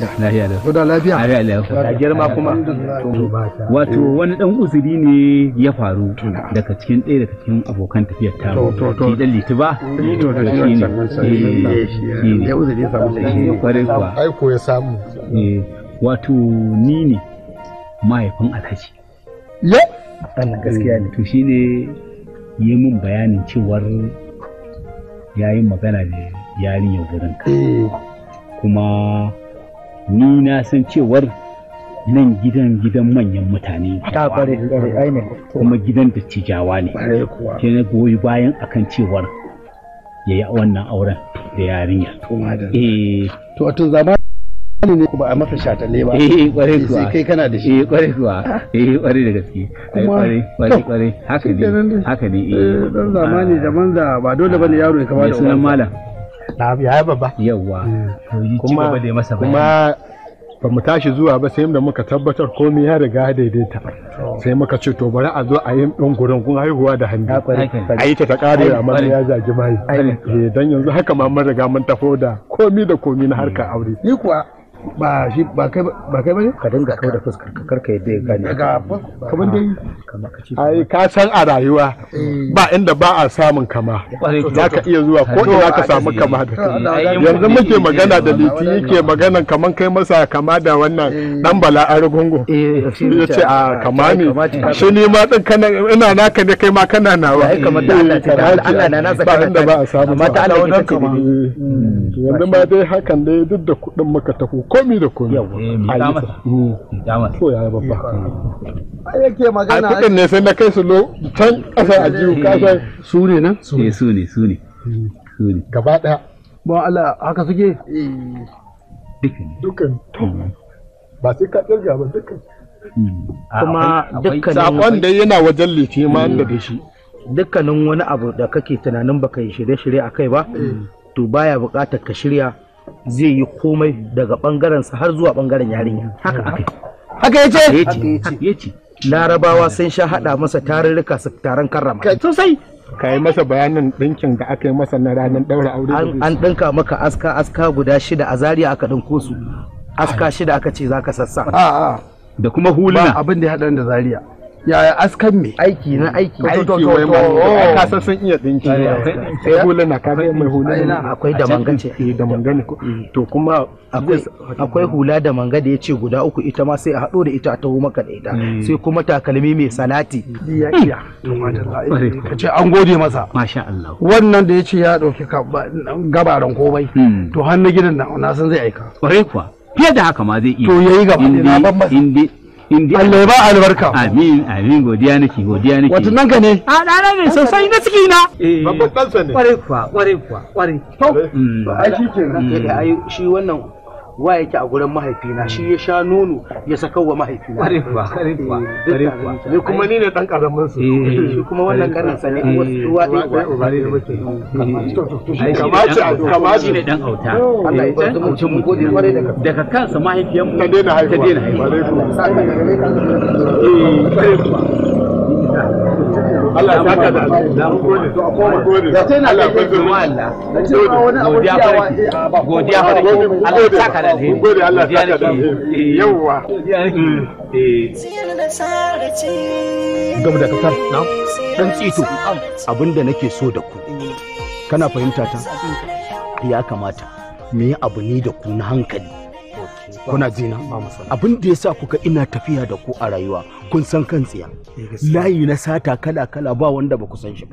lafiya lafiya da lafiya lafiya lafiya girma kuma wato eh. wani dan uzuri ne ya faru daga cikin ɗaya daga cikin abokan tafiyar ta shi da litiba to to eh, shi ne ya uzuri samu shi kwarai kuwa ai ko ya samu eh, wato ni ne mahaifin alhaji ya wannan gaskiya ne to shine yi min bayanin cewar yayin magana da yarinyar gurinka kuma ni na san cewar nan gidan gidan manyan mutane ne kuma gidan da cijawa ne ke na goyi bayan akan cewar ya yi wannan auren da yarinya to eh. tun zama ne ba a maka shatale ba eh kware kuwa sai kai kana da shi eh kware kuwa ah. eh kware da gaske eh, ai kware kware kware haka ne haka ne eh, eh dan zamani ah. da manza ba dole bane yaro ya kama da sunan malam na ya babba yawa mm. kuma kuma ba mu tashi zuwa ba sai da muka tabbatar komai ya riga daidaita sai muka ce to bari a zo a yi ɗan gurin kun haihuwa da hannu a yi ta ta ƙare a ya zagi mai eh, dan yanzu haka ma mun riga mun tafo da komi da komi na harkar mm. aure ni kuwa ba shi ba kai ba kai bane ka dinga kawo da fuskar ka karka yadda ya gane daga kaman dai ai ka san a rayuwa eh. ba inda ba a samun kama za ka iya zuwa ko ina ka samu kama da yanzu muke magana da liti yake magana kaman kai masa kama da wannan eh. dan bala argungu eh, ya ce a kama ne shi ni ma din kana ina naka ne kai ma kana nawa ai kamar da Allah ta Allah na nasa ba inda ba a samu amma ta Allah ne kama mm. yanzu ma dai hakan dai duk da kuɗin muka tafi komi da komi yawa eh, mm. to ya babba yake magana a kudin ne sai na kai su lo can kasar a jiwu eh, kasar su ne nan su ne eh, su ne su ne mm. gaba daya ba Allah haka suke dukkan mm. ba sai ka kirga ba dukkan kuma dukkanin sakon da yana wajen lice ma da shi dukkanin wani abu da kake tunanin baka yi shirye-shirye a kai ba to baya bukatar ka shirya zai yi komai daga ɓangarensa har zuwa bangaren yarinya haka haka yace ce larabawa sun sha haɗa masa tarurruka su taron karrama sosai ka yi masa bayanin ɗinkin da aka yi masa na ranar daura aure an ɗinka maka aska aska guda shida a Zariya aka dinko su aska shida aka ce za ka sassa da kuma huluna abin da ya haɗa da Zariya. yaya askan me aiki na aiki aiki to mai ka san sun iya dinki sai hula na kare mai hula na akwai da mangace eh da mangane eh. to kuma akwai hula da manga da yace guda uku ita ma sai a hado da ita a taho maka da ita eh. sai kuma takalmi mai salati iya iya to madalla hmm. kace an gode masa masha Allah wannan da yace ya dauki gabaran komai hmm. to har na gidan na san zai aika kware kuwa fiye da haka ma zai iya to yayi gaba na ban indiya. Allah ya ba albarka amin amin godiya nake godiya nake wato nan ka ne a dana ne sosai na ciki na eh. babban ɗansa ne kware kuwa kware kuwa kware eh. mm. to ai shi kenan mm. ai shi wannan wa yake a gurin mahaifina shi ya sha nono ya saka wa mahaifina eh, ni kuma ni ne dan karamin su eh, shi kuma wannan karin sa ne uwa eh, ɗaya uba ne da muke kamace kamace ne dan auta oh, Allah ya ji mutum mu gode kwarai da daga kansa mahaifiyan mu ta daina haihuwa ta daina haihuwa Allah ya ka da mu. da sai na ga mu Allah godiya Allah ta da yawa da kafar mm. eh. na dan tsito abinda nake so da ku kana fahimta ta ya kamata mu abu ne da ku na hankali kuna jina abin da ya sa kuka ina tafiya da ku a rayuwa kun san kan tsiya eh, layi na sata kala kala ba wanda ba ku san shi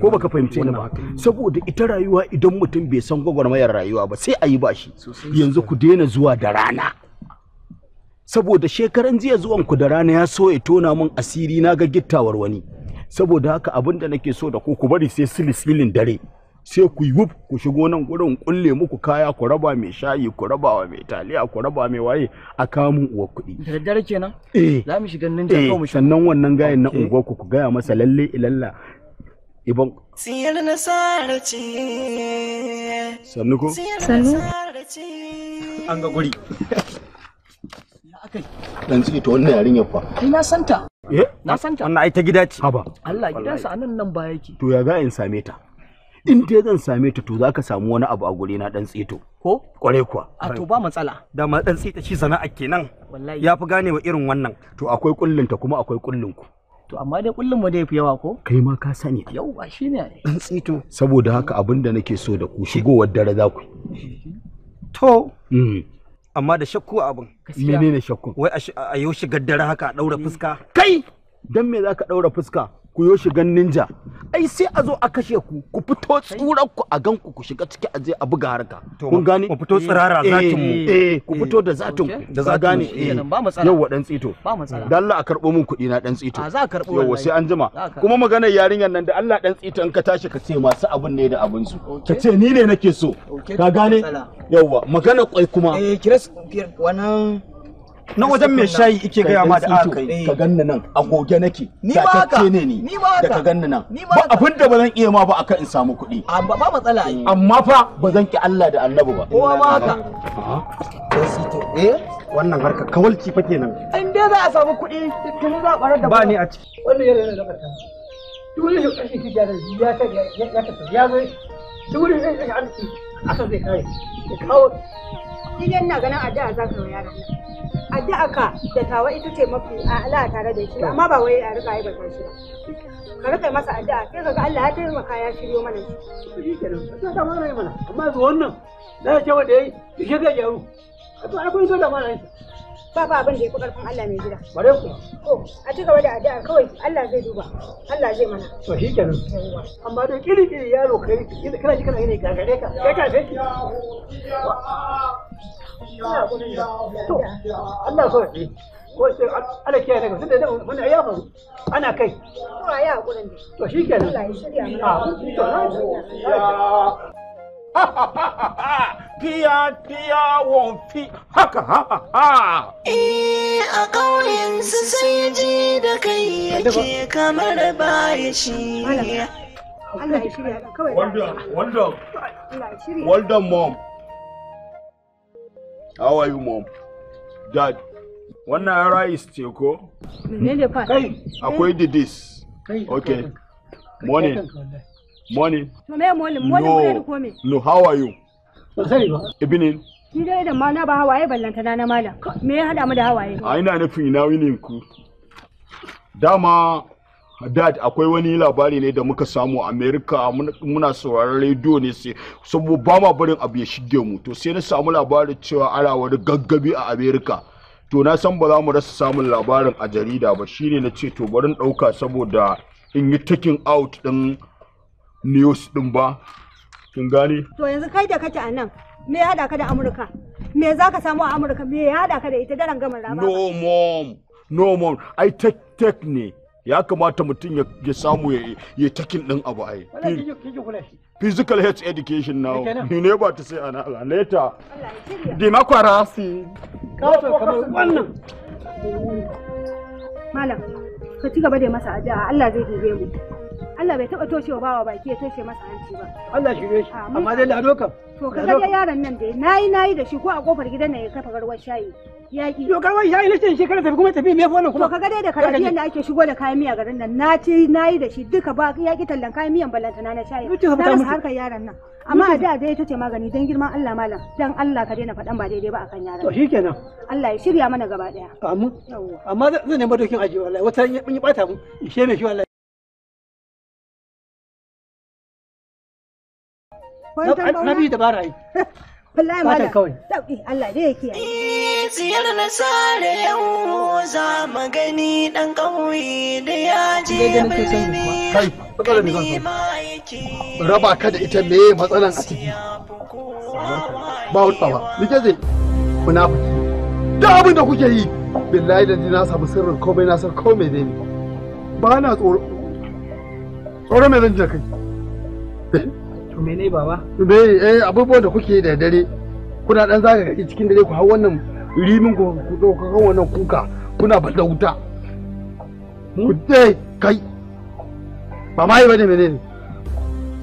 ko baka fahimce ni ba saboda ita rayuwa idan mutum bai san gwagwarmayar rayuwa ba sai a yi bashi yanzu ku daina zuwa da rana saboda shekaran jiya zuwan ku da rana ya so ya tona min asiri na ga gittawar wani saboda haka abin da nake so da ku ku bari sai silisilin dare sai ku yi wuf ku shigo nan gurin kulle muku kaya ku raba mai shayi ku raba wa mai taliya ku raba mai waye a kamun uwa kuɗi. Da daddare kenan? Eh. Za mu shiga nan da eh, mu sannan wannan gayan na unguwar ku ku gaya masa lalle ilalla ibon. Siyar na sara ce. Sannu ko? Sannu. An ga guri. Akai. Dan tsiki ta wannan yarinyar fa. Ina santa. Eh? Na santa. Wannan ai ta gida ce. Haba. Allah gidansa anan nan ba yake. To ya ga in same ta. in dai zan same ta to zaka samu wani abu a gure na dan tsito ko kware kuwa a to ba matsala da ma dan tsita shi sana'a kenan wallahi yafi wa irin wannan to akwai kullun ta kuma akwai kullun ku to amma dai kullun mu dai fi yawa ko kai ma ka sani yawa shine dan tsito saboda haka abinda nake so da ku shigowar dare za ku to mm. amma da shakku abin menene shakku wai a yau shigar dare haka a daura mm. fuska kai dan me zaka daura fuska ku yo shigan ninja ai sai a zo a kashe ku ku fito tsurar ku a gan ku ku shiga ciki a je a buga harka kun gane ku fito tsirara eh, zatin mu eh ku fito da eh, zatin ku da za gane eh yau dan tsito ba matsala dan Allah a karbo mun kudi na dan tsito a za karbo yau sai an jima kuma magana yarinyar nan da Allah dan tsito in ka tashi ka ce masu abun ne da abun su ka ce ni ne nake so ka gane yauwa magana kwai kuma eh kiras wannan na wajen mai shayi ike gaya ma da aka kai ka ganna nan a goge nake ni ma haka ne ni da ka ganna nan ba abin da ba zan iya ma ba akan in samu kuɗi ba matsala yi amma fa ba zan ki Allah da Annabi ba kowa ma haka dan sito eh wannan harka kawalci fa kenan in dai za a samu kuɗi kin za barar da ba ni a ciki wannan yana da kafarta duk wani kashi ki gyara ya ta ya ta ya zo duk wani kashi akan zai kai ya kawo ni dai ganin addu'a za ka wa yaron nan addu'a ka da tawa ita ce mafi ala tare da shi amma ba wai a rika yi ba shi ba ka rika masa addu'a sai kaga Allah ya taimaka ya shiryo mana shi kenan sai mana mana amma yanzu nan da ya ce wanda yayi shi ga yaro a to akwai so da ba ba abin da ya fi karfin Allah mai gida. Bare ku. To, a ci gaba da addu'a kawai Allah zai duba, Allah zai mana. To shi kenan. Amma don kiri kiri yaro kai kana ji kana yi gagare ka. Kai ka sai. To, Allah so ya ko sai ala kiyaye daga tunda idan mun ya faru ana kai to ya hakurin to shikenan Allah ya shirya mana ah, to Fiya fiya wonfi haka ha ha. ha. a ha. su sai ji da kai yake kamar baya shi. Allah ya Well done, mom. How are you mom? Dad. Wannan yara is teko. Menene fa? Kai Okay. Morning. Morning. no. No, how are you? ba. Evening. dai da ya hada mu da hawaye? ina nufin ina Dad akwai wani labari ne da muka samu a Amerika muna sauraron rediyo ne sai saboda ba ma barin abu ya shige mu to sai na samu labarin cewa ana wani gaggabi a Amerika to na san ba za mu rasa samun labarin a jarida ba shine na ce to barin ɗauka saboda in yi taking out ɗin news din ba kin gane to yanzu kai da kake a nan me ya hada ka da amurka me za ka samu a amurka me ya hada ka da ita daren gamar rama no mom no mom ai tek tek ne ya kamata mutum ya samu ya takin din abu ai physical health education now ni ne ba ta sai ana later democracy wannan malam ka ci gaba da masa addu'a Allah zai dube mu Allah bai taɓa toshe wa bawa baki ya toshe masa hanci ba. Allah shirye shi, amma dai lado kam. To ka ga yaron nan dai nayi nayi da shi ko a kofar gidan nan ya kafa garwar shayi. Yaki. To garwar shayi na cin shekara tafi kuma tafi me fa wannan kuma. To ka ga dai da karafi yanda ake shigo da kayan miya garin nan na ci nayi da shi duka ba yaki tallan kayan miyan ballantana na shayi. Na rasa harkar yaron nan. Amma a da dai ita ce magani don girman Allah malam dan Allah ka daina faɗan ba daidai ba akan yaron. To shikenan. Allah ya shirya mana gaba daya. Amma amma zan nemi dokin aji wallahi wata yi bata mu in sheme shi wallahi. na biyu dabara yi wallahi ma kawai sauki Allah dai yake yi tsiyar na sare yau za mu gani dan kauye da ya je birni kai matsalar ne zan raba ka da ita me matsalan a ciki ba hutsa ba nike zai munafiki duk abin da kuke yi billahi da na samu sirrin komai na san komai ne ba na tsoro tsoro me zan ji kai eh? ne baba bai eh abubuwan da kuke da dare kuna dan zaga gari cikin dare ku hau wannan rimin ku ku dauka kan wannan kuka kuna balda wuta hmm? ku dai kai ba mai bane menene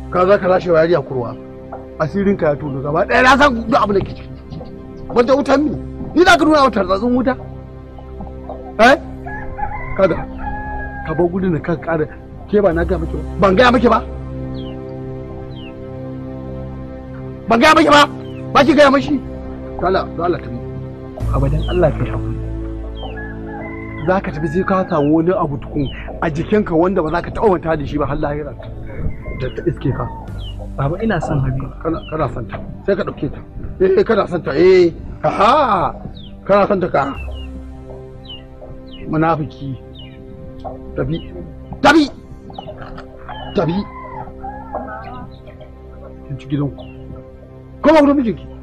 ka za ka lashe wariya kurwa asirin ka ya tono gaba ɗaya na san duk abin da ke ciki wanda wutan mi ni za ka nuna wa tarzatsin wuta eh kada ka bar gudun da ka kara ke ba na ga miki ba ban gaya miki ba ban gaya mashi ba ba ki gaya mashi dole dole tafi abadan Allah kai hakuri za ka tafi sai ka samu wani abu tukun a jikinka wanda ba za ka taɓa manta da shi ba har lahira da ta iske ka baba ina son habiba kana kana son ta sai ka dauke ta eh kana son ta eh aha kana son ta ka munafiki tafi tafi tafi kin ci gidanku ko ba wurin mijinki ko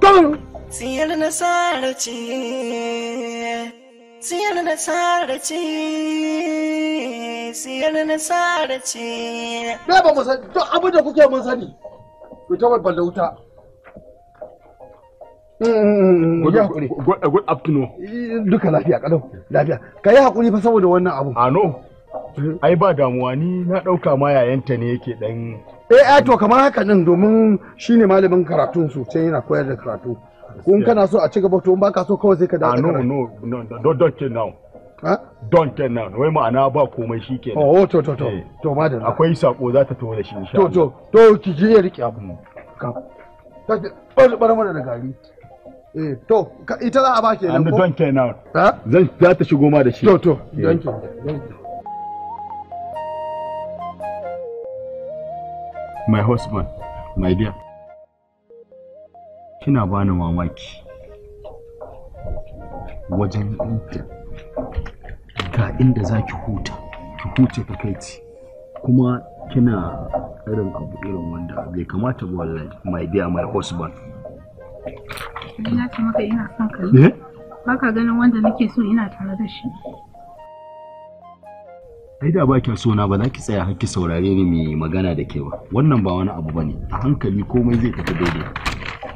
ba tsiyar nasara ce tsiyar nasara ce tsiyar nasara ce na ba mu sani duk abin da kuke mun sani ku ta babban da wuta mm, Good afternoon. Duka lafiya kalau lafiya. Ka yi haƙuri fa saboda wannan abu. Ano, ah, ai ba damuwa ni na ɗauka ma yayanta ne yake ɗan Eh, eh to kamar haka din domin shine malamin karatun su sai yana koyar da karatu kun kana so a ci gaba to in baka so kawai sai ka dawo ah, no no no don't get now ha don't get now wai ma'ana ba komai shikenan oh to to to eh. to madan akwai sako za ta tawo da shi insha to to to ki je ya rike abu mm. ka ta bar mana da gari eh to ita za a ba nan ko don't get now zan za ta shigo ma da shi to to eh. don tell my husband, my dear. Kina bani mamaki wajen huta. Ga inda za ki huta, ki huce kaici. Kuma kina irin abu irin wanda bai kamata ba wallahi my dear my husband. Ina ce maka ina son ka. Eh? Ba ka ganin wanda nake so ina tare da shi. ai da ba kya so ba za ki tsaya har ki saurare ni mai magana da ke ba wannan ba wani abu bane a hankali komai zai tafi daidai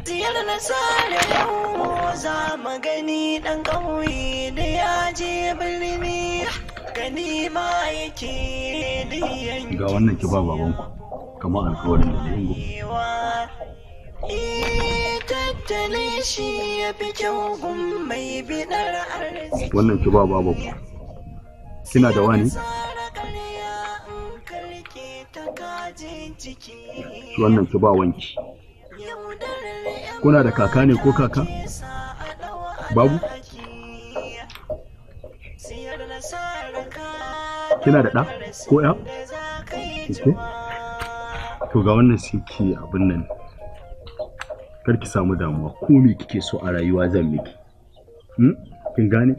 Tiyar na sare yau za mu gani dan ƙauye da ya je birni gani ma yake da yanki ga wannan ki ba baban ku kamar alƙawarin da zai tattale shi ya fi kyau gun mai bidar arziki wannan ki ba baban ku. kina da wani su wannan ki ba wanki kuna da kaka ne ko kaka babu kina da ɗa ko ya to ga wannan siki abin nan kar ki samu damuwa ko me kike so a rayuwa zan miki hmm? kin gane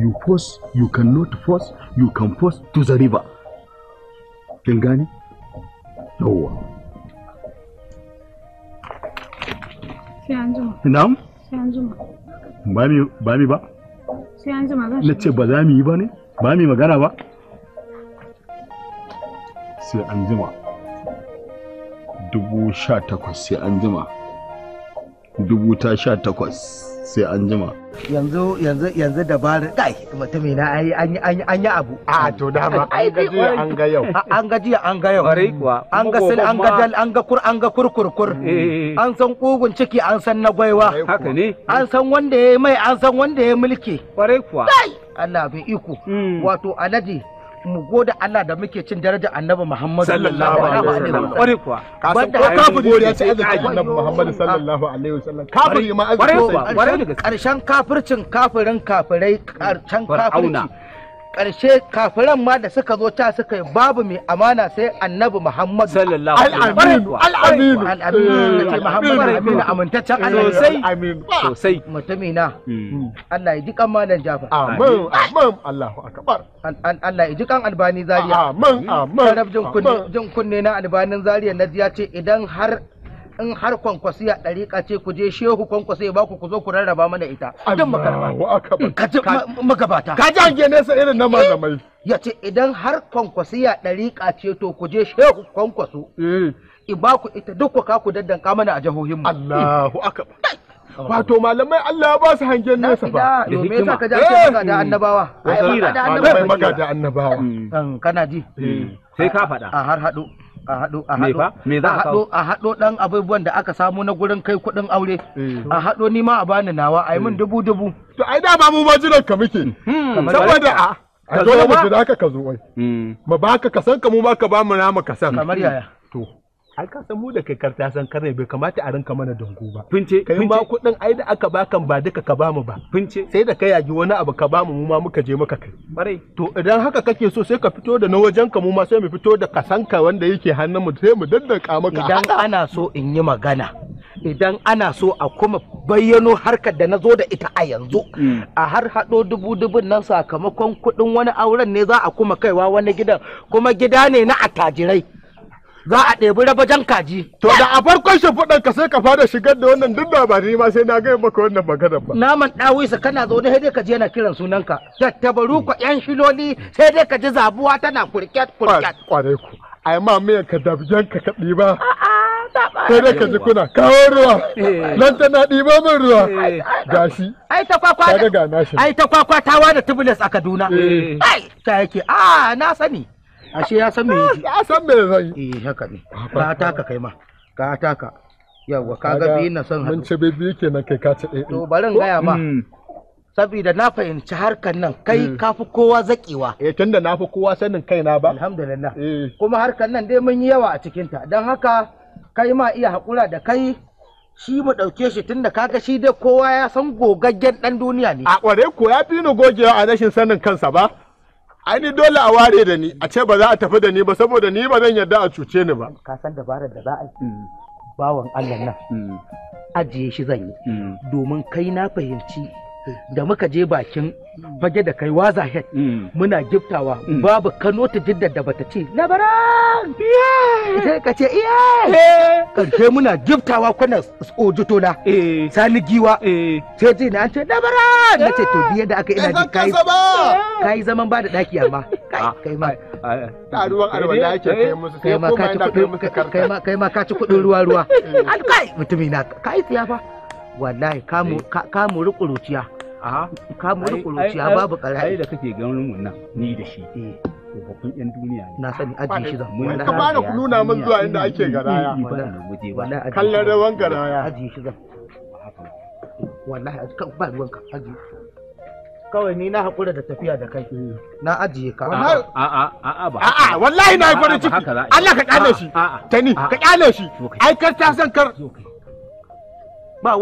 you force you cannot force you can force to the river kin gane yawwa sai an jima Ina sai an zuma? ba mi ba mi ba sai an zuma zan na ce ba za mu yi ba ne ba mi magana ba sai an zuma dubu sha takwas sai an zuma dubu ta sha takwas sai an jima yanzu yanzu yanzu dabarar kai mutumi na ai an yi an yi abu a to dama an gaji an ga yau an gaji an ga yau kuwa. an ga sil an ga dal an ga kur an ga kurkurkur eh, eh, eh. an san kugun ciki an san na gwaiwa haka ne hmm. an san wanda ya mai an san wanda ya mulki bare kuwa Allah bai iko hmm. wato alaji mu gode Allah da muke cin darajar annabi Muhammadu sallallahu alaihi wasallam kware kuwa ka san ko kafiri ya ce azza annabi Muhammadu sallallahu alaihi wasallam kafiri ma azza kware kuwa karshen kafircin kafirin kafirai karshen kafirci ƙarshe kafiran ma da suka zo ta suka yi babu mai amana sai annabi muhammadu sallallahu alaihi wa al'aminu al'aminu eh, muhammadu aminu amintaccen annabi sosai sosai mutumina hmm. Allah ya ji kan malam Jafar amin amin Allahu akbar Allah ya ji kan albani zaria amin amin sarraf jin kunne na albanin zaria na ya ce idan har in har a ɗariƙa ce ku je shehu ya ba ku ku zo ku rarraba mana ita Kaji magabata ka an hange nesa irin na malamai eh, ya ce idan har a ɗariƙa ce to ku je shehu kwankwasu. Eh. i ba ku ita duk ka ku daddanka mana a jihohin mu Allahu eh. akabar. wato malamai Allah ba su hangen nesa ba da hikima ka ja da annabawa da annabawa kana ji sai ka faɗa a har haɗu a haɗo a haɗo me za a haɗo a haɗo dan abubuwan da aka samu na gurin kai kuɗin aure mm. a haɗo ni ma a bani nawa a yi min mm. dubu dubu to ai ba mu majinar ka muke mm. saboda a a dole mu jira ka ka zo wai mu baka ka san ka mu baka ba mu na mu ka san kamar yaya to ai ka san mu da kai karta san karne bai kamata a rinka mana dango ba fince kai ma kudin ai da aka bakan ba duka ka bamu ba fince sai da ka yagi wani abu ka bamu mu ma muka je maka kai bare to idan haka kake so sai ka fito da na wajen ka mu ma sai mu fito da kasanka wanda yake hannun mu sai mu daddaka maka idan ana so in yi magana idan ana so a kuma bayyano harkar da na zo da ita a yanzu mm. a har hado dubu dubun nan sakamakon kuɗin wani auren ne za a kuma kaiwa wani gidan kuma gida ne na attajirai za a ɗebi rabajen kaji. To da a farkon shimfiɗan ka sai ka fara shigar da wannan duk ba ma sai na gaya maka wannan magana ba. Naman ɗawisa kana zaune sai dai ka je na kiran sunanka. Tattabaru ka ƴan shiloli sai dai ka ji zabuwa tana kurket kurket. Kwarai ku. Ai ma miyan ka dabjan ka kaɗi ba. Sai dai ka ji kuna kawo ruwa. Eh. Nan tana ɗiba min ruwa. Eh. Gashi. Ai ta kwakwa. Ai ta kwakwa tawa a Kaduna. Eh. Ai ta yake a ah, na sani. ashe ya san me ya san me zan yi eh haka ne ka taka kai ma ka taka yawa ka ga bi na son mun ce yake kenan kai ka ce eh to barin gaya ma mm. saboda na fahimci harkar nan kai mm. ka fi kowa zakewa eh tunda na fi kowa sanin kaina ba alhamdulillah eh. kuma harkar nan dai mun yi yawa a cikin ta don haka kai ma iya hakura da kai shi mu ɗauke shi tunda kaga shi dai kowa ya san gogaggen ɗan duniya ne a ƙware ko ya fi ni gogewa a rashin sanin kansa ba ni dole a ware da ni a ce ba za a tafi da ni ba saboda ni ba zan yarda a cuce ni ba ka san dabarar da za a yi mm. bawan Allah nan mm. ajiye shi zan yi mm. domin kai na fahimci da muka je bakin fage da kai waza head mm. muna giftawa mm. babu kano ta jiddar da bata ce bara sai ka ce iya karshe muna giftawa kwana tsoji na eh. sani giwa eh. sai ji na ce bara na ce to biya da aka ina ji kai kai zaman ba da daki amma ah, kai ma taruwan arwala yake kai eh, musu kai ma ka ci kudin ruwa ruwa alkai mutumi na kai tsiya fa wallahi kamu kamu rukuruciya kamu rukuruciya babu karai ai da kake ganin mun nan ni da shi eh babban yan duniya ne na sani aji shi zan mun ka bani ku nuna min zuwa inda ake garaya kallon rawan garaya aji shi zan wallahi ba ruwan ka aji kawai ni na hakura da tafiya da kai na ajiye ka a a a ba a a wallahi na yi farin ciki Allah ka kyale shi tani ka kyale shi ai kar ta san kar ba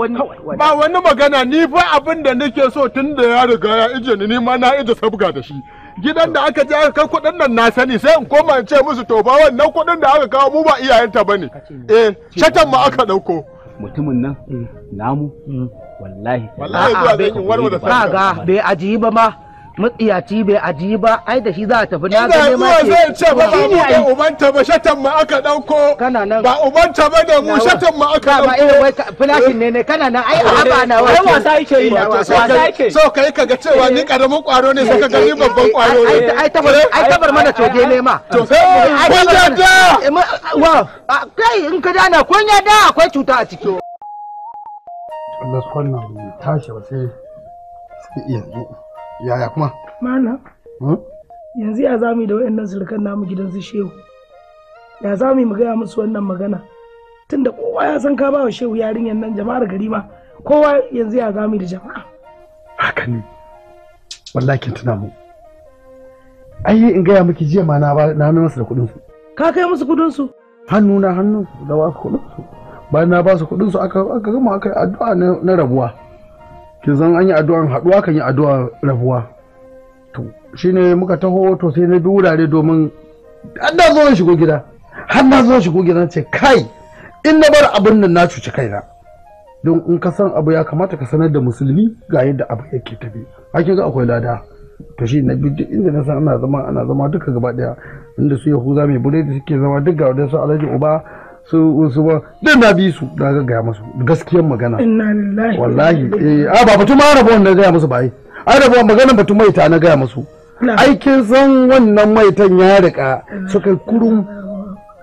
wani magana ni fa abin da nake so tun da ya riga ya ije ni ma na ije sabga da shi gidan da aka je aka kai kuɗin nan na sani sai in koma in ce musu to ba wannan kuɗin da aka kawo mu ba iyayenta bane eh shatan ma aka dauko mutumin nan mm. namu mm. wallahi wallahi zuwa ga bai ajiba ma matsiyaci bai aji ba ai da shi za a tafi na ga ne ma ke zai ce ba ba mu da ba shatan ma aka dauko kana nan ba ubanta ba da mu shatan ma aka dauko ba eh wai flashin ne ne kana nan ai haba eh, na wai wasa yake yi wasa yake so kai ka ga cewa ni karamin eh, eh. kwaro ne saka ga ni babban kwaro ne ai tabar ai bar mana coge ne ma to sai kun da da wa kai in ka dana kun ya da akwai cuta a ciki Allah wannan tashi ba sai sai iya yaya kuma mana hmm? yanzu ya zami da wayannan surukan namu gidan su shehu ya zami mu gaya musu wannan magana tunda kowa ya san ka ba wa shehu yarinyan nan jama'ar gari ma kowa yanzu ya zami da jama'a haka ne wallahi kin tuna mu ai in gaya miki jiya ma na ba na mai masa da kudin su ka kai musu kudin su hannu na hannu da ba su su bayan na ba su kudin su aka aka gama aka addu'a na rabuwa kin san an yi addu'an haɗuwa kan yi addu'a rabuwa to shine muka taho to sai na bi wurare domin har na zo shigo gida har na zo shigo gida ce kai in na bar abin nan na cuci kaina don in ka san abu ya kamata ka sanar da musulmi ga yadda abu yake tafi hakin ga akwai lada to shi na biyu inda na san ana zama ana zama duka gaba daya inda su yahuza mai bure da suke zama duk ga wadansu alhaji uba su su ba duk na bi su da ga gaya musu gaskiyar magana inna lillahi wallahi eh a ah, ba batun ma rabuwan da gaya musu ba ai ai rabuwan maganar batun maita na gaya musu aikin san wannan maitan ya rika suka kurum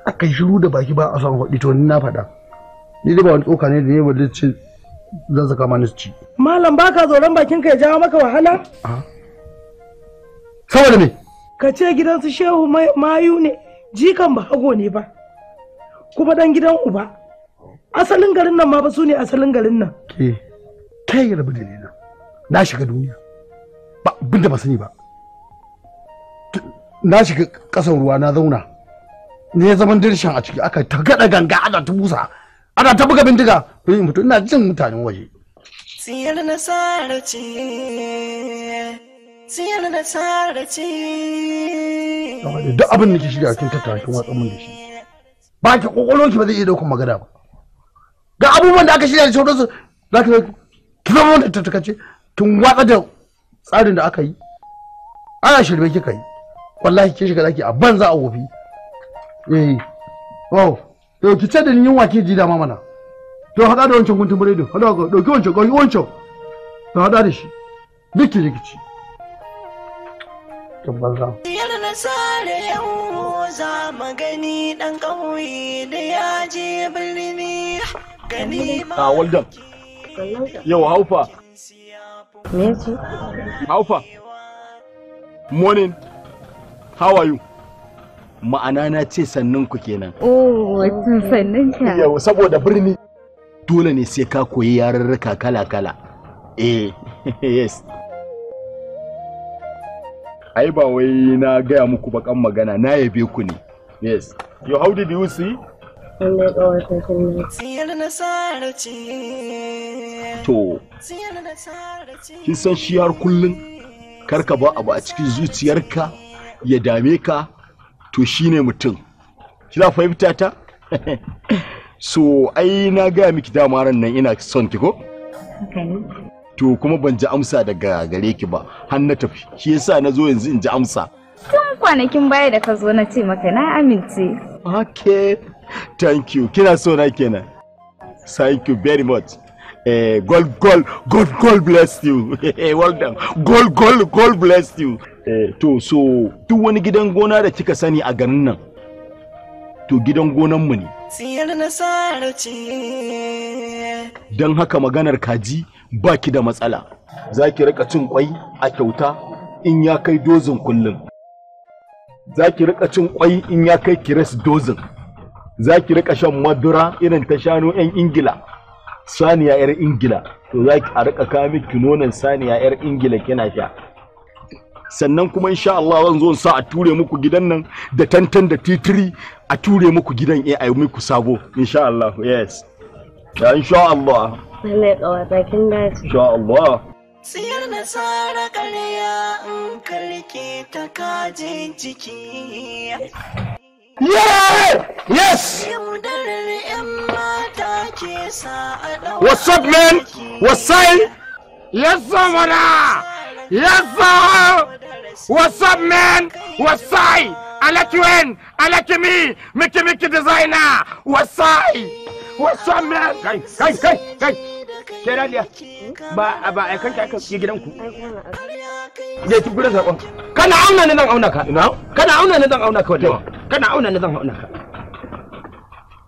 aka shiru da baki ba a san hudi to ni na faɗa ni dai ba wani tsoka ne da ne ba ci zan saka ma ci malam baka zoron bakin ka ya jawo maka wahala ah. saboda me ka ce gidansu shehu mayu ne jikan ba hago ne ba kuma dan gidan uba asalin garin nan ma ba su ne asalin garin nan ke kai rabu da nan na shiga duniya ba abin da ba sani ba na shiga kasan ruwa na zauna ne zaman dirshan a ciki aka ta ganga ana ta busa ana ta buga bindiga yin mutu ina jin mutanen waje tsiyar nasara ce tsiyar nasara ce duk abin da ke shiga cikin tattakin watsa mun da shi ba ki kokolon ki ba zai iya daukan magana ba ga abubuwan da aka shirya da sauransu za ki ki zama wanda ta tattakace kin watsa da tsarin da aka yi ana shirme kika yi wallahi ke shiga zaki a banza a wofi eh wow to ki ce da ni yunwa ke ji dama mana to hada da wancan guntun biredin hada ka dauki wancan ka wancan to hada da shi duk ki rikici tabbar za. na sare yau za mu gani ɗan ƙauye da ya je birni gani ma waldam ah, yau haufa Meji. haufa morning how are you ma'ana na ce sannan ku kenan oh sannan ka yau saboda birni dole ne sai ka koyi yarurruka kala kala eh yes ai ba wai na gaya muku bakan magana na yabe ku ne yes yo how did you see To, kin san shi har kullum karka ba abu a cikin zuciyarka ya dame ka to shine mutum. Kina fahimta ta? so, ai na gaya miki dama nan ina son ki ko? to kuma ban ji amsa daga gare ki ba har na tafi shi yasa na zo yanzu in ji amsa tun kwanakin baya da ka zo na ce maka na amince okay thank you kina so na kenan thank you very much eh god god god god bless you eh, well done god god god bless you eh to so duk wani gidan gona da kika sani a garin nan to gidan gonan mu ne don haka maganar kaji baki da matsala za ki rika cin kwai a kyauta in ya kai dozin kullum za ki rika cin kwai in ya kai kiras dozin za ki rika shan madura irin ta shanu 'yan ingila saniya 'yar ingila to za ki a rika kawo miki nonon saniya 'yar ingila kina sha sannan kuma insha Allah zan zo in sa a ture muku gidan nan da tantan da titiri a ture muku gidan eh a yi muku sabo insha Allah yes insha Allah Lallai oh, ƙawata kin dace. Allah. Siyar da tsara ƙarya in karke ta kaje jiki. Yes! What's up, man? What's up? Yes, Samara! Yes, sir! What's up, man? What's up? I like you in! I like me! Mickey Mickey designer! What's up? What's up, man? Guys, guys, guys, guys! ke radiya hmm? ba ba a kanki aka yi gidanku je ki gurin sakon kana auna ni zan auna ka kana auna ne zan auna ka wallahi kana auna ni zan auna ka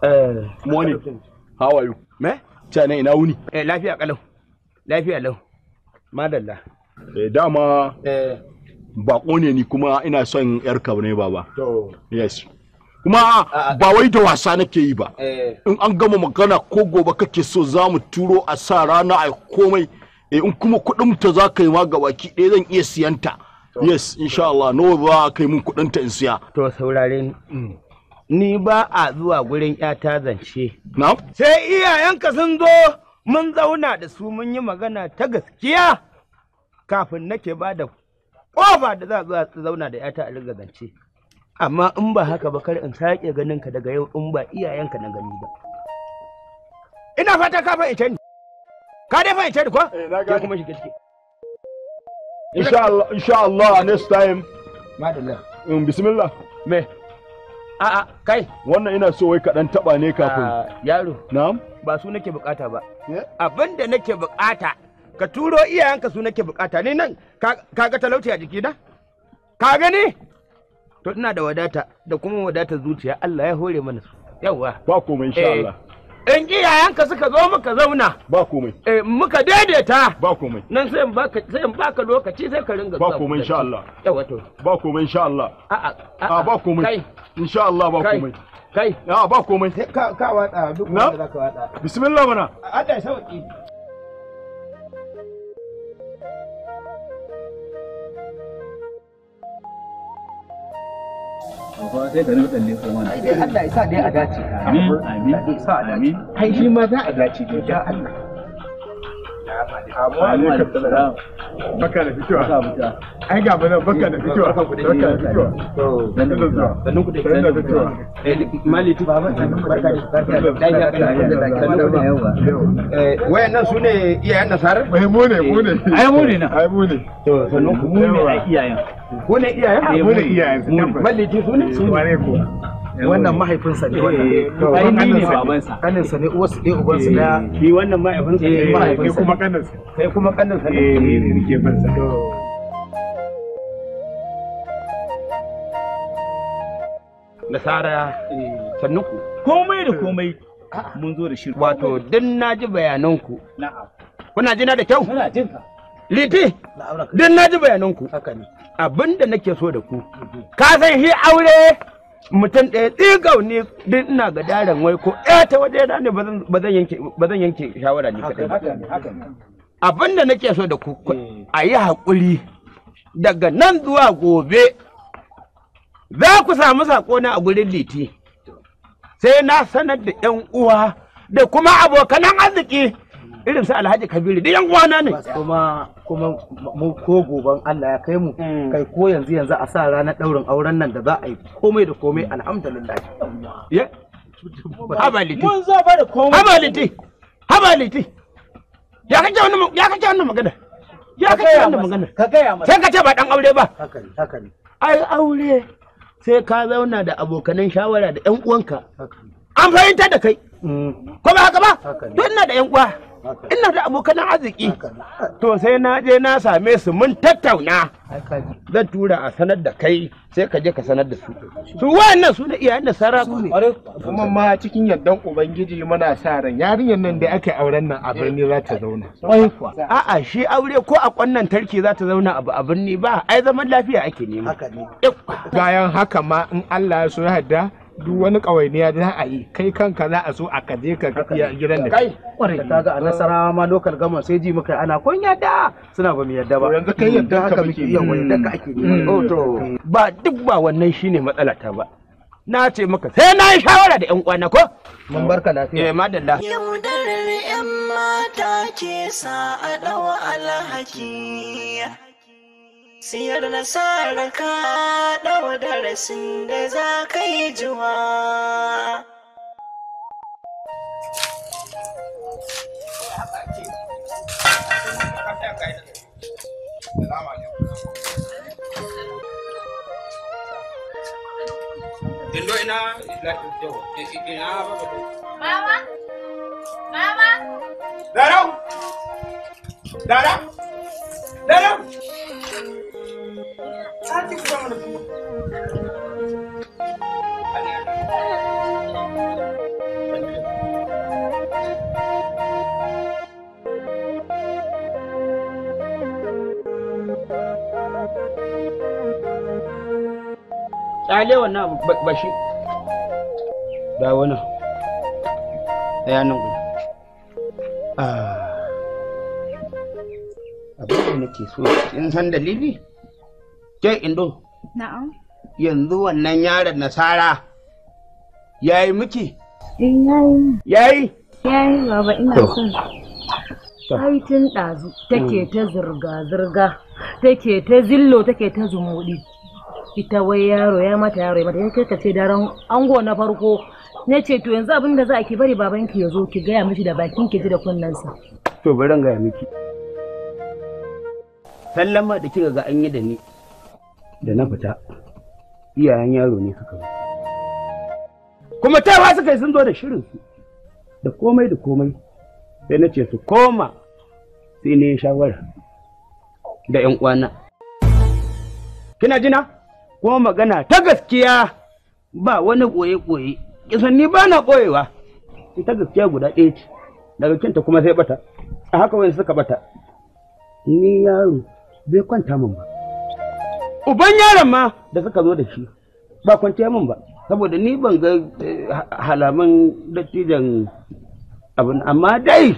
eh moni how are you me tana ina wuni eh lafiya kalau lafiya lau madalla eh dama eh bako ne ni kuma ina son yarka ne baba to yes kuma ba wai da wasa nake yi ba eh. in an gama magana ko gobe kake so za mu turo a sa rana a komai eh, in kuma kuɗin ta za ka yi ma gabaki ɗaya zan iya ta yes insha Allah nawa ba kai mun kuɗin ta in siya to saurare ni mm. ba a zuwa gurin ta zance na sai iyayenka sun zo mun zauna da su mun yi magana ta gaskiya kafin nake ba da ƙofa da za a zauna da yata a riga zance amma in ba haka ba kar in sake ganin ka daga yau in ba iyayenka na gani ba ina fata ka ita ni ka dai fa ita ko eh, ke kuma shi gaske insha Allah insha Allah next time madalla in mm, bismillah me a kai wannan ina so wai kaɗan taba ne kafin ah, yaro na'am ba su nake bukata ba abinda da nake bukata ka turo iyayenka su nake bukata ni nan ga talauci a jikina ka gani to ina da wadata da kuma wadata zuciya Allah ya hore mana su yawa ba komai insha Allah in iyayenka suka zo muka zauna ba komai eh muka daidaita ba komai nan sai in baka sai in baka lokaci sai ka ringa ba komai insha Allah yawa to ba komai insha Allah a a ba komai insha Allah ba komai kai a ba komai ka ka wada duk wanda zaka wada bismillah mana hada sauki sai ka nuna leƙo mana. Allah ya sa dai a dace. Amin. Amin. Sa a dace. Kai shi ma za a dace da Allah. amma ne ka baka da fitowa ai ga mana baka da fitowa baka da fitowa to dan da zuwa dan ku da dan da fitowa eh mali tu baba dan barka da dai ga dan da yawa eh wayannan sune iyayen nasar eh mu ne mu ne ai mu ne na ai mu ne to sannan ku mu ne iyayen ku ne iyayen mu ne iyayen mali tu sune sune ne ko Eh, wannan mahaifinsa ne wannan eh, ne uwarsa eh, na ni wannan mahaifinsa ne mahaifinsa kai kuma kaninsa ne nasara sannu komai da komai ah. mun zo da shi wato ji bayananku na'am kuna jina da kyau Liti, bayananku. Haka ne. nake so da ku, mhm. ka san shi aure mutum ɗaya tsigau ne duk ina ga daren wai ko ya ta waje na ne ba zan yanke shawara ni kaɗai ba abin nake so da ku eh. a yi haƙuri daga nan zuwa gobe za ku samu na a gurin liti sai na sanar da 'yan uwa da kuma abokanan arziki irin su alhaji kabiru da yan uwana ne kuma kuma mu ko goban Allah ya kai mu mm. kai ko yanzu yanzu a sa ranar daurin auren nan da za a yi komai da komai alhamdulillah ya habaliti mun za ba da komai habaliti habaliti ya kace wannan ya kace wannan magana ya kace wannan magana ka gaya masa sai ka ce ba dan aure ba haka ne haka ne ai aure sai ka zauna da abokanan shawara da yan uwanka an fahimta da kai mm. ko ba haka ba duk na da yan uwa ina da abokan arziki to sai na je na same su mun tattauna zan tura a sanar da kai sai ka je ka sanar da su su wannan su da iyayen da sarrafa ne kuma ma cikin yardan ubangiji muna sa ran yarinyar nan da aka auren nan a birni za ta zauna a'a shi aure ko a kwannan tarki za ta zauna abu a birni ba ai zaman lafiya ake nema bayan haka ma in Allah ya so ya hadda duk wani ƙawainiya da za a yi kai kanka za a so a kaje ka gidan da kai kwarai ta ga a nasarawa ma local government sai ji muka ana kun yadda suna ba mu yadda ba yanzu kai yadda haka muke yi yadda ka ake ne mm. oh, ba duk ba wannan shine matsala ta ba na ce maka sai na yi shawara da 'yan kwana ko mun barka lafiya eh madalla yaudar 'yan mata ce sa a dawa alhaki Siyar nasarar ka ɗawa darasin da za ka yi juwa. Dindo ina ina Mama? Mama? Darau! Darau! Darau! Hadi kuramadım. Kyale wannan abu ba shi. Ga wannan. Ɗaya nan Abin da nake so, san dalili? Ke indo? Na'am. Yanzu wannan yaron nasara ya yi miki? Eh, ya yi. Ya yi baba ina son. Ai tun ɗazu take mm. ta zurga zurga take ta zillo, take ta zumudi Ita wai yaro ya mata yaro ya mata, yanka ka ce daren ango na farko na ce to yanzu abin da za a ki bari babanki ya zo ki gaya mishi da bakin ki ji da kunnensa. To bari gaya miki. Sallama da kika ga an yi da ni, da na fita iyayen yaro ne suka zo kuma tawa suka yi sun zo da shirin shirinsu da komai da komai sai na ce su koma sai ne shawara da 'yan uwana kina jina kuma magana ta gaskiya ba wani ɓoye-ɓoye kisan ni ba na ɓoyewa ta gaskiya guda ɗaya ce daga kinta kuma sai bata a haka wani suka bata ni yaro bai kwanta min ba uban yaron ma da suka zo da shi ba kwanciya min ba saboda ni ban ga eh, halaman dattijan abin amma dai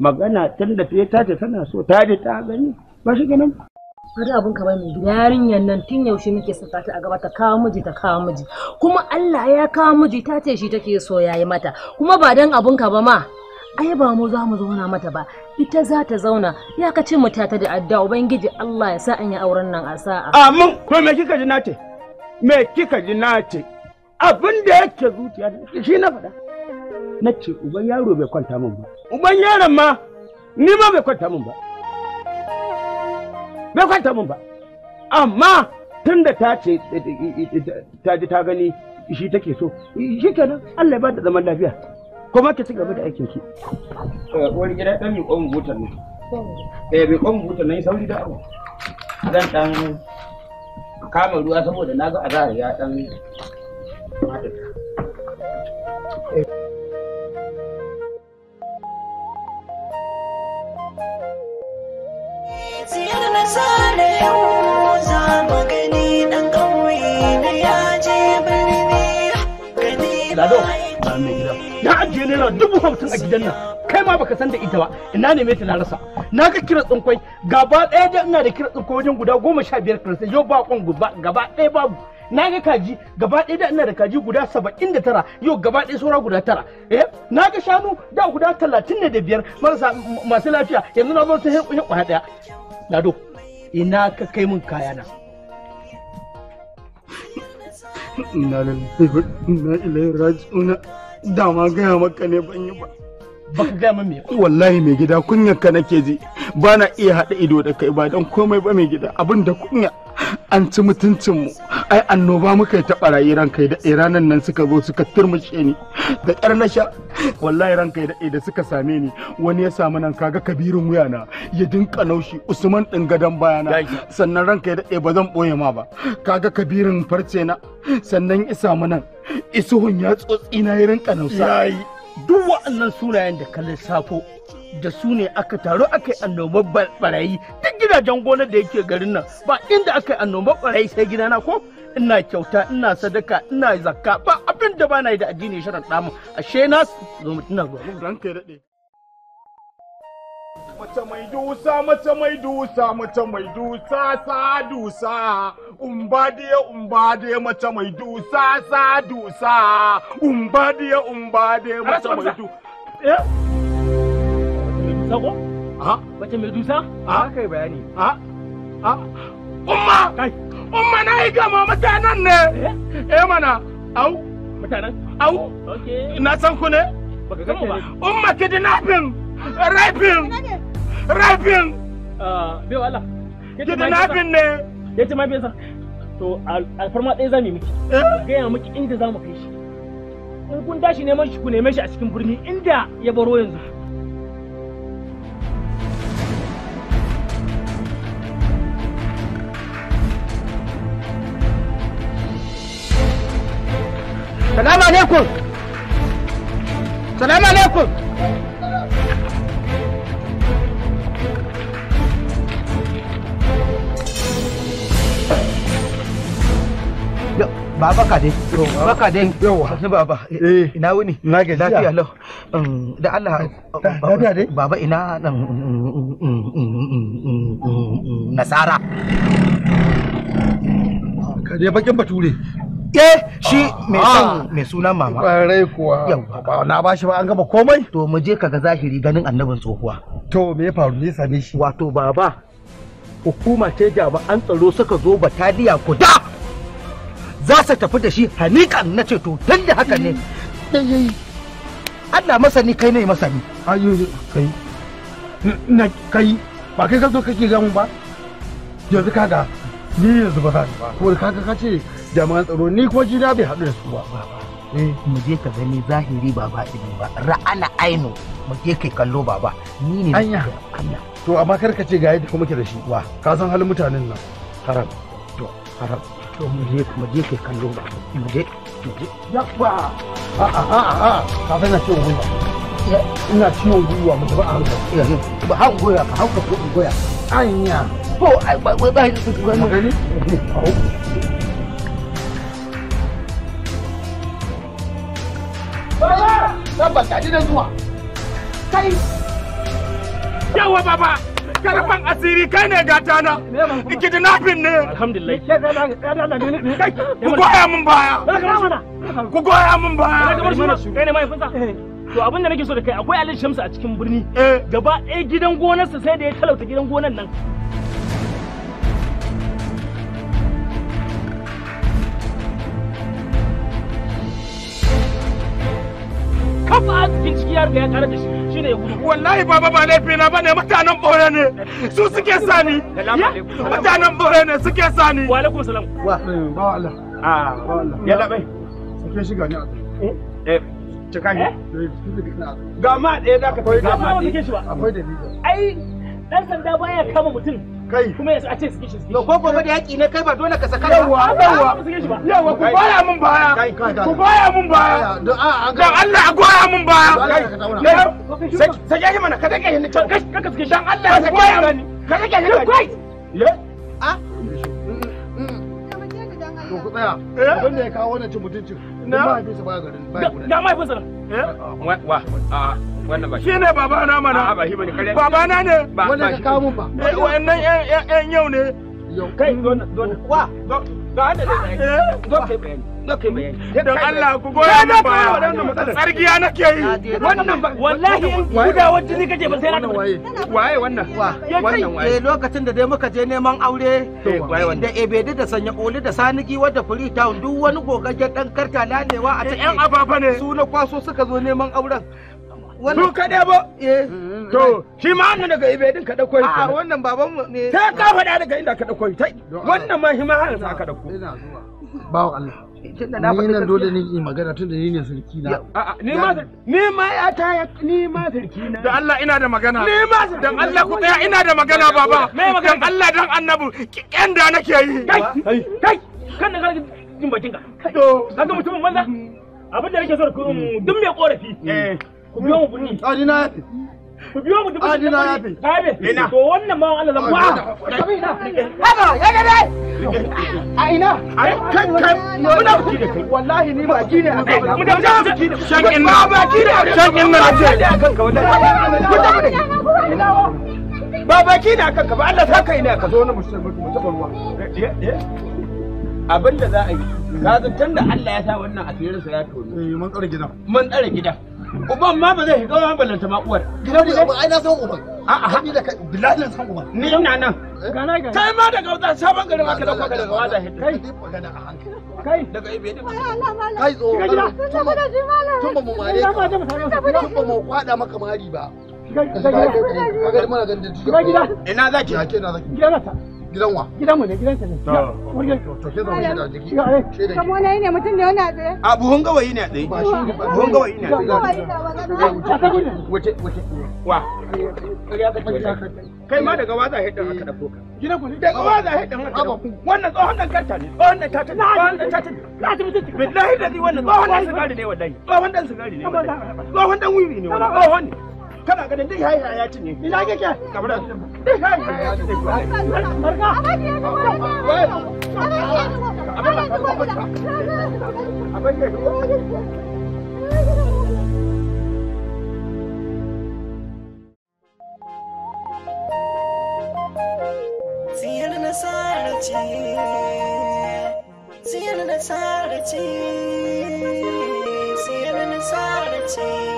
magana tun da ta ce tana so ta je ta gani ba shi ganin Bari abin ka mai gida yarinyar nan tun yaushe muke saka ta a gaba ta kawo miji ta kawo miji kuma Allah ya kawo miji ta ce shi take so yayi mata kuma ba dan abin ka ba ma ai ba mu za mu zauna mata ba ita za ta zauna ya ka ce mu ta da adda ubangiji Allah ya sa an yi auren nan a sa'a amin ko me kika ji nace me kika ji nace abin da yake zuciya shi na faɗa nace uban yaro bai kwanta min ba uban yaron ma ni ma bai kwanta min ba bai kwanta min ba amma tunda ta ce ta ji ta gani shi take so shi kenan Allah ya ba da zaman lafiya kuma ki ci gaba da aikin ki eh, Wani gida dan mi kon butar ne eh bi ƙwan butar ne sauri da abu dan dan kama ruwa saboda na ga azara ya dan ɗan ƙauye na faɗa mai gida na ajiye naira dubu hamsin a gidan nan kai ma baka san da ita ba ina neme ta na rasa na ga kira tsinkwai gaba ɗaya da ina da kira tsinkwai wajen guda goma sha biyar kira yau ba kwan gaba ɗaya babu na ga kaji gaba ɗaya da ina da kaji guda saba'in da tara yau gaba ɗaya saura guda tara eh na ga shanu da guda talatin da biyar marasa masu lafiya yanzu na zo ta hin kwaya ɗaya lado ina ka kai min kayana inna lillahi wa inna ilaihi raji'un dama gaya maka ne ban yi ba baka gaya mai wallahi mai gida kunyar ka nake ji ba na iya haɗa ido da kai ba don komai ba mai gida abin da kunya an ci mutuncinmu ai annoba muka yi ta barayi ranka da ranar nan suka zo suka turmushe ni da ƙyar na sha wallahi ranka da da suka same ni wani ya samu nan kaga kabirin wuyana ya dinka naushi usman ɗin gadon bayana sannan ranka da ba zan ɓoye ma ba kaga kabirin farce na sannan ya samu nan isuhun ya tsotsi na ya rinka nausa duk waɗannan sunayen da ka lissafo da su ne aka taru aka yi annobar barayi duk gidajen gonar da yake garin nan ba inda aka yi annobar barayi sai gidana ko ina kyauta ina sadaka ina zakka ba abin da ba na yi da addini shirin damu ashe na zo mutuna zuwa Mace mai dusa, mace mai dusa, mace mai dusa, sa dusa. Umba diya, umba diya, mace mai dusa, sa dusa. Umba diya, umba diya, eh? mace mai dusa. Sako? A? Mace mai dusa? A? Kai bayani. A? A? Umma! Kai! Umma na yi gama mutanen ne! Eh, eh mana! Au! Mutanen? Au! Oh, okay. Na san ku ne? Umma kidnapping! Raping! Rafin! Ah, Bewa Allah. Kidnapping ne. Ya ce mafiyarsa. To alfarma ɗaya za mu yi miki. Eh? Gaya miki inda za mu kai shi. In kun tashi neman shi ku neme shi a cikin birni inda ya baro yanzu. Salamu alaikum! Salamu alaikum! Baba ka dai ka dai yawa sai baba eh. ina wuni na ga lafiya lau mm, da Allah mm, lafiya dai baba ina nan mm, nasara ka dai bakin bature eh shi mai son ah. mai sunan mama kwarai kuwa yawa na shi ba an gama komai to mu je kaga zahiri ganin annabin tsohuwa to me ya faru ne same shi wato baba hukuma ce jami'an tsaro suka zo bataliya ku da za su tafi da shi hanikan na ce to dan da haka ne Allah masani kai ne masani ayo kai na kai ba kai ka zo kake gamu ba yanzu kaga ni yanzu ba za ni ba ko kaga ka ce jami'an tsaro ni ko jina bai haɗu da su ba eh, mu je ka gani zahiri ba ba ɗin ba ra'ana aino mu je kai kallo baba ni ne anya Allah to amma kar ka ce ga yadda kuma ke da shi wa ka san halin mutanen nan haram to haram to mu je kuma je kai kallo ba mu je mu je yawa a a a a kafin na ciwon gwiwa ina ciwon gwiwa mu ba a hankali ba ha goya ka ka ko goya anya ko ai ba ba ba ni ku ni. gani Baba! ba ji da zuwa! Kai! Yawa, baba! karfan asiri kai ne gata na kidnapping ne alhamdulillah ku goya mun baya ku goya mun baya eh. to abin da nake so da kai akwai Ali Shamsu a cikin eh. gidan gonarsa sai da ya talauta gidan gonar nan kafa cikin ciki ya riga ya karar da shi ne wallahi baba ba laifi na bane mutanen bore ne su suke sani mutanen bore ne suke sani wa alaikum salam wa eh, ba Allah ah ba Allah ya dabe suke shiga ne eh eh cika ne eh? ga ma ɗaya da ka tafi ga ma ke shi ba akwai dalili ai dan sanda baya kama mutum kai kuma yanzu a ce sike shi sike ko da yaki ne kai ba dole ka saka yawa yawa yawa ku baya mun baya ku baya mun baya dan Allah a goya mun baya mana ka sake shi ne ka sake dan Allah goya mun ka kai a ah. tsaya wanda eh? ya kawo wannan cin na mahaifinsa garin mahaifinsa eh? wa wannan ba shi ne baba na mana ba shi bane kare baba na ne ka kawo mun ba eh, wannan yan yau ne yau kai don don wa don ga hada dan Allah ku goya ni ba sarkiya nake yi wannan wallahi gudawar jini kake ba sai na waye wannan wannan waye eh, lokacin da dai muka je neman aure eh, da ebede da sanya oli da saniki wadda free town duk wani gogaggen dan karta lalewa a ta eh, yan abafa ne su na kwaso suka zo neman auren su ka ɗebo eh. mm. to shi ma wannan daga ibedin ka ɗauko a wannan baban mu ne sai ka faɗa daga inda ka ɗauko ta wannan ma shi ma har sa ka ɗauko bawo Allah ni nan dole ne in magana tun ni ne sarki na ni ma ni ma ya ta ya ni ma sarki na dan Allah ina da magana ni ma dan Allah ku tsaya ina da magana baba dan Allah dan annabu kyan da nake yi kai kai kan da jin bakin ka to kaga mutumin manza abin da nake so da hmm. duk mai korafi hmm. eh. ku biyo mu abin da za a yi ka da Allah ya sa wannan asirinsa ya tono eh, mun tsare gida mun tsare gida uban ma ba zai shiga ba ballanta ma uwar gidan ai na san uban a a da billahi na san uban ni ina nan eh? kai ma daga wata sabon garin aka dauka daga wata kai kai daga ibe kai zo tun ba mu mare ka tun ba mu kwada maka mari ba gida ina zaki ina zaki gida ta gidan wa ah, gidan oh, oh, oh, mu eh, ne gidan ta ne to ke zama jiki ne ne a tsaye a buhun gawayi ne a tsaye ba shi buhun gawayi ne a tsaye wace wace wa kai ma daga waza hedin haka da koka gidan ku ne daga waza hedin haka wannan tsohon nan kanta ne tsohon nan tata tsohon tata na ta mutunci billahi da wannan tsohon nan sigari ne wallahi tsohon sigari ne tsohon dan wiwi ne wallahi tsohon ne kana ganin duk hayi ya ci ne ina kike kamar duk ya ci ne Siyar na siyar na siyar na